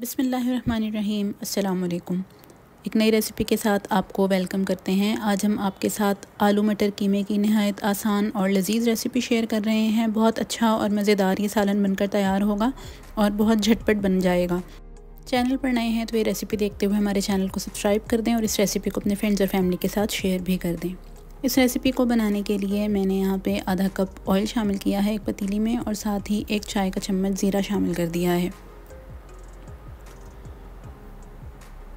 बिसमीम् अल्लाम एक नई रेसिपी के साथ आपको वेलकम करते हैं आज हम आपके साथ आलू मटर कीमे की नहायत आसान और लजीज रेसिपी शेयर कर रहे हैं बहुत अच्छा और मज़ेदार ये सालन बनकर तैयार होगा और बहुत झटपट बन जाएगा चैनल पर नए हैं तो ये रेसिपी देखते हुए हमारे चैनल को सब्सक्राइब कर दें और इस रेसिपी को अपने फ्रेंड्स और फैमिली के साथ शेयर भी कर दें इस रेसिपी को बनाने के लिए मैंने यहाँ पे आधा कप ऑयल शामिल किया है एक पतीली में और साथ ही एक चाय का चम्मच ज़ीरा शामिल कर दिया है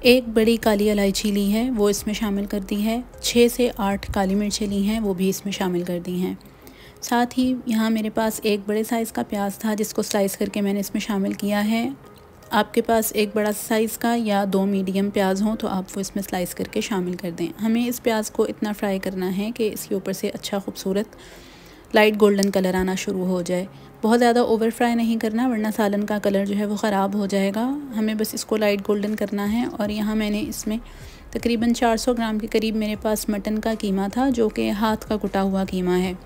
एक बड़ी काली इलायची ली है वो इसमें शामिल कर दी है छः से आठ काली मिर्चें ली हैं वो भी इसमें शामिल कर दी हैं साथ ही यहाँ मेरे पास एक बड़े साइज़ का प्याज था जिसको स्लाइस करके मैंने इसमें शामिल किया है आपके पास एक बड़ा साइज़ का या दो मीडियम प्याज हो तो आप वो इसमें स्लाइस करके शामिल कर दें हमें इस प्याज को इतना फ्राई करना है कि इसके ऊपर से अच्छा खूबसूरत लाइट गोल्डन कलर आना शुरू हो जाए बहुत ज़्यादा ओवर फ्राई नहीं करना वरना सालन का कलर जो है वो ख़राब हो जाएगा हमें बस इसको लाइट गोल्डन करना है और यहाँ मैंने इसमें तकरीबन 400 ग्राम के करीब मेरे पास मटन का कीमा था जो कि हाथ का कुटा हुआ कीमा है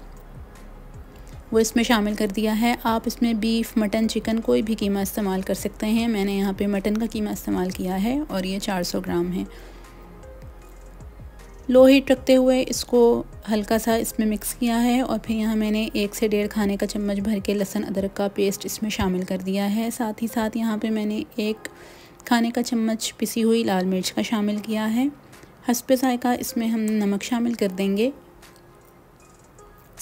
वो इसमें शामिल कर दिया है आप इसमें बीफ मटन चिकन कोई भी कीमा इस्तेमाल कर सकते हैं मैंने यहाँ पे मटन का कीमा इस्तेमाल किया है और ये 400 ग्राम है लो हीट रखते हुए इसको हल्का सा इसमें मिक्स किया है और फिर यहाँ मैंने एक से डेढ़ खाने का चम्मच भर के लहसन अदरक का पेस्ट इसमें शामिल कर दिया है साथ ही साथ यहाँ पे मैंने एक खाने का चम्मच पिसी हुई लाल मिर्च का शामिल किया है हंसप का इसमें हम नमक शामिल कर देंगे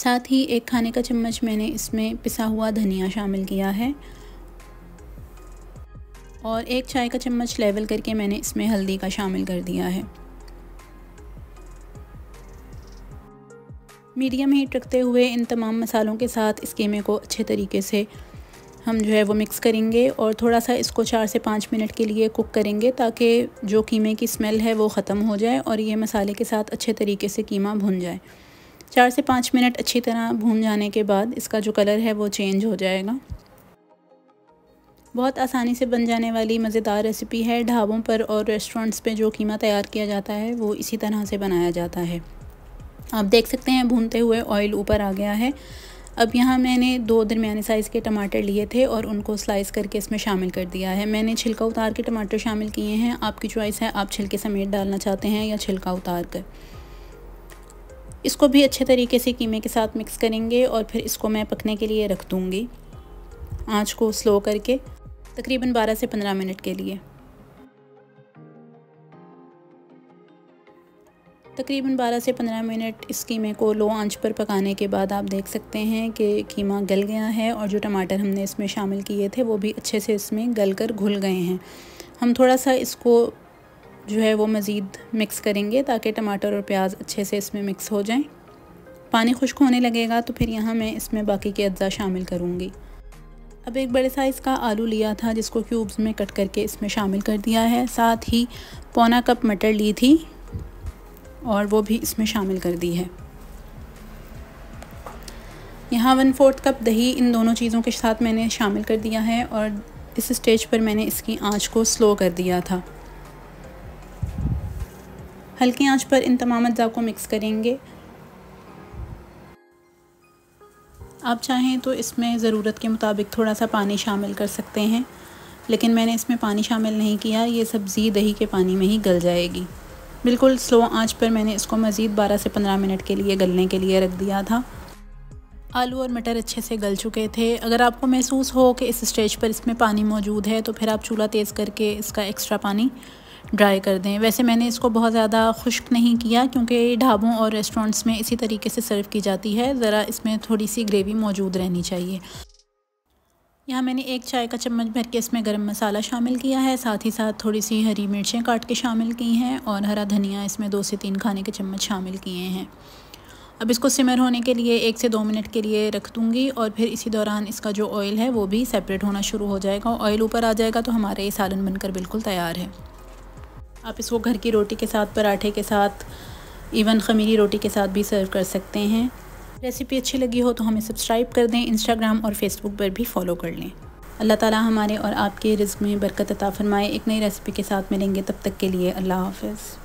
साथ ही एक खाने का चम्मच मैंने इसमें पिसा हुआ धनिया शामिल किया है और एक चाय का चम्मच लेवल करके मैंने इसमें हल्दी का शामिल कर दिया है मीडियम हीट रखते हुए इन तमाम मसालों के साथ इस कीमे को अच्छे तरीके से हम जो है वो मिक्स करेंगे और थोड़ा सा इसको चार से पाँच मिनट के लिए कुक करेंगे ताकि जो कीमे की स्मेल है वो ख़त्म हो जाए और ये मसाले के साथ अच्छे तरीके से कीमा भुन जाए चार से पाँच मिनट अच्छी तरह भून जाने के बाद इसका जो कलर है वो चेंज हो जाएगा बहुत आसानी से बन जाने वाली मज़ेदार रेसिपी है ढाबों पर और रेस्टोरेंट्स पे जो कीमा तैयार किया जाता है वो इसी तरह से बनाया जाता है आप देख सकते हैं भूनते हुए ऑयल ऊपर आ गया है अब यहाँ मैंने दो दरमियाने साइज़ के टमाटर लिए थे और उनको स्लाइस करके इसमें शामिल कर दिया है मैंने छिलका उतार के टमाटर शामिल किए हैं आपकी चॉइस है आप छिलके समेत डालना चाहते हैं या छिलका उतार कर इसको भी अच्छे तरीके से कीमे के साथ मिक्स करेंगे और फिर इसको मैं पकने के लिए रख दूँगी आँच को स्लो करके तकरीबन 12 से 15 मिनट के लिए तकरीबन 12 से 15 मिनट इस कीमे को लो आंच पर पकाने के बाद आप देख सकते हैं कि कीमा गल गया है और जो टमाटर हमने इसमें शामिल किए थे वो भी अच्छे से इसमें गल कर घुल गए हैं हम थोड़ा सा इसको जो है वो मज़ीद मिक्स करेंगे ताकि टमाटर और प्याज अच्छे से इसमें मिक्स हो जाएँ पानी खुश्क होने लगेगा तो फिर यहाँ मैं इसमें बाकी के अज्जा शामिल करूँगी अब एक बड़े साइज़ का आलू लिया था जिसको क्यूब्स में कट करके इसमें शामिल कर दिया है साथ ही पौना कप मटर ली थी और वो भी इसमें शामिल कर दी है यहाँ वन फोर्थ कप दही इन दोनों चीज़ों के साथ मैंने शामिल कर दिया है और इस स्टेज पर मैंने इसकी आंच को स्लो कर दिया था हल्की आंच पर इन तमाम अज्जा को मिक्स करेंगे आप चाहें तो इसमें ज़रूरत के मुताबिक थोड़ा सा पानी शामिल कर सकते हैं लेकिन मैंने इसमें पानी शामिल नहीं किया ये सब्ज़ी दही के पानी में ही गल जाएगी बिल्कुल स्लो आंच पर मैंने इसको मज़ीद 12 से 15 मिनट के लिए गलने के लिए रख दिया था आलू और मटर अच्छे से गल चुके थे अगर आपको महसूस हो कि इस स्टेज पर इसमें पानी मौजूद है तो फिर आप चूल्हा तेज़ करके इसका एक्स्ट्रा पानी ड्राई कर दें वैसे मैंने इसको बहुत ज़्यादा खुश्क नहीं किया क्योंकि ढाबों और रेस्टोरेंट्स में इसी तरीके से सर्व की जाती है ज़रा इसमें थोड़ी सी ग्रेवी मौजूद रहनी चाहिए यहाँ मैंने एक चाय का चम्मच भर के इसमें गरम मसाला शामिल किया है साथ ही साथ थोड़ी सी हरी मिर्चें काट के शामिल की हैं और हरा धनिया इसमें दो से तीन खाने के चम्मच शामिल किए हैं अब इसको सिमर होने के लिए एक से दो मिनट के लिए रख दूँगी और फिर इसी दौरान इसका जो ऑयल है वो भी सेपरेट होना शुरू हो जाएगा ऑयल ऊपर आ जाएगा तो हमारा ये सालन बनकर बिल्कुल तैयार है आप इसको घर की रोटी के साथ पराठे के साथ इवन खमीरी रोटी के साथ भी सर्व कर सकते हैं रेसिपी अच्छी लगी हो तो हमें सब्सक्राइब कर दें इंस्टाग्राम और फेसबुक पर भी फॉलो कर लें अल्लाह ताला हमारे और आपके रिज्क में बरकत अता फरमाए एक नई रेसिपी के साथ मिलेंगे तब तक के लिए अल्लाह हाफिज़